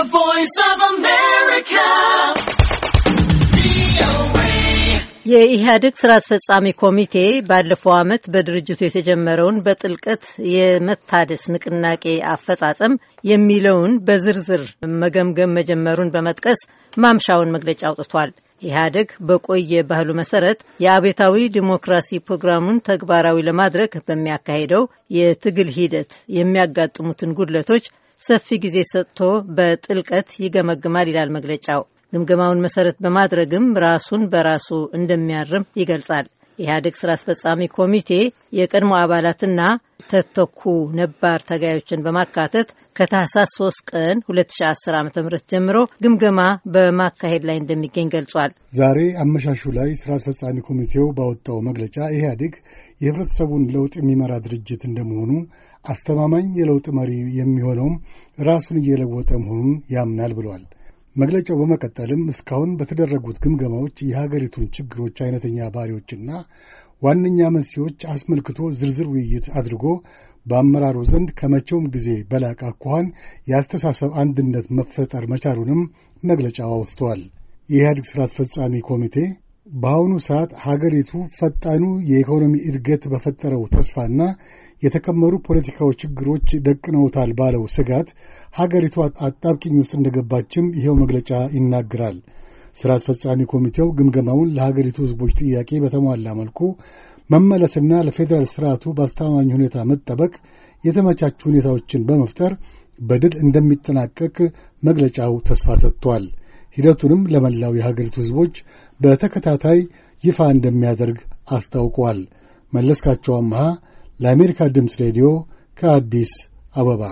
The Voice of America. የኢህአዴግ ስራ አስፈጻሚ ኮሚቴ ባለፈው ዓመት በድርጅቱ የተጀመረውን በጥልቀት የመታደስ ንቅናቄ አፈጻጸም የሚለውን በዝርዝር መገምገም መጀመሩን በመጥቀስ ማምሻውን መግለጫ አውጥቷል። ኢህአዴግ በቆየ ባህሉ መሰረት የአቤታዊ ዲሞክራሲ ፕሮግራሙን ተግባራዊ ለማድረግ በሚያካሄደው የትግል ሂደት የሚያጋጥሙትን ጉድለቶች ሰፊ ጊዜ ሰጥቶ በጥልቀት ይገመግማል ይላል መግለጫው። ግምገማውን መሰረት በማድረግም ራሱን በራሱ እንደሚያርም ይገልጻል። የኢህአዴግ ስራ አስፈጻሚ ኮሚቴ የቀድሞ አባላትና ተተኩ ነባር ተጋዮችን በማካተት ከታህሳስ 3 ቀን 2010 ዓ ም ጀምሮ ግምገማ በማካሄድ ላይ እንደሚገኝ ገልጿል። ዛሬ አመሻሹ ላይ ስራ አስፈጻሚ ኮሚቴው ባወጣው መግለጫ ኢህአዴግ የህብረተሰቡን ለውጥ የሚመራ ድርጅት እንደመሆኑ አስተማማኝ የለውጥ መሪ የሚሆነውም ራሱን እየለወጠ መሆኑን ያምናል ብሏል። መግለጫው በመቀጠልም እስካሁን በተደረጉት ግምገማዎች የሀገሪቱን ችግሮች አይነተኛ ባህሪዎችና ዋነኛ መንስኤዎች አስመልክቶ ዝርዝር ውይይት አድርጎ በአመራሩ ዘንድ ከመቼውም ጊዜ በላቀ አኳኋን የአስተሳሰብ አንድነት መፈጠር መቻሉንም መግለጫው አውስተዋል። የኢህአዴግ ሥራ አስፈጻሚ ኮሚቴ በአሁኑ ሰዓት ሀገሪቱ ፈጣኑ የኢኮኖሚ እድገት በፈጠረው ተስፋና የተከመሩ ፖለቲካዊ ችግሮች ደቅነውታል ባለው ስጋት ሀገሪቱ አጣብቂኝ ውስጥ እንደገባችም ይኸው መግለጫ ይናገራል። ሥራ አስፈጻሚ ኮሚቴው ግምገማውን ለሀገሪቱ ሕዝቦች ጥያቄ በተሟላ መልኩ መመለስና ለፌዴራል ስርዓቱ በአስተማማኝ ሁኔታ መጠበቅ የተመቻቹ ሁኔታዎችን በመፍጠር በድል እንደሚጠናቀቅ መግለጫው ተስፋ ሰጥቷል። ሂደቱንም ለመላው የሀገሪቱ ሕዝቦች በተከታታይ ይፋ እንደሚያደርግ አስታውቋል። መለስካቸው አምሃ ለአሜሪካ ድምፅ ሬዲዮ ከአዲስ አበባ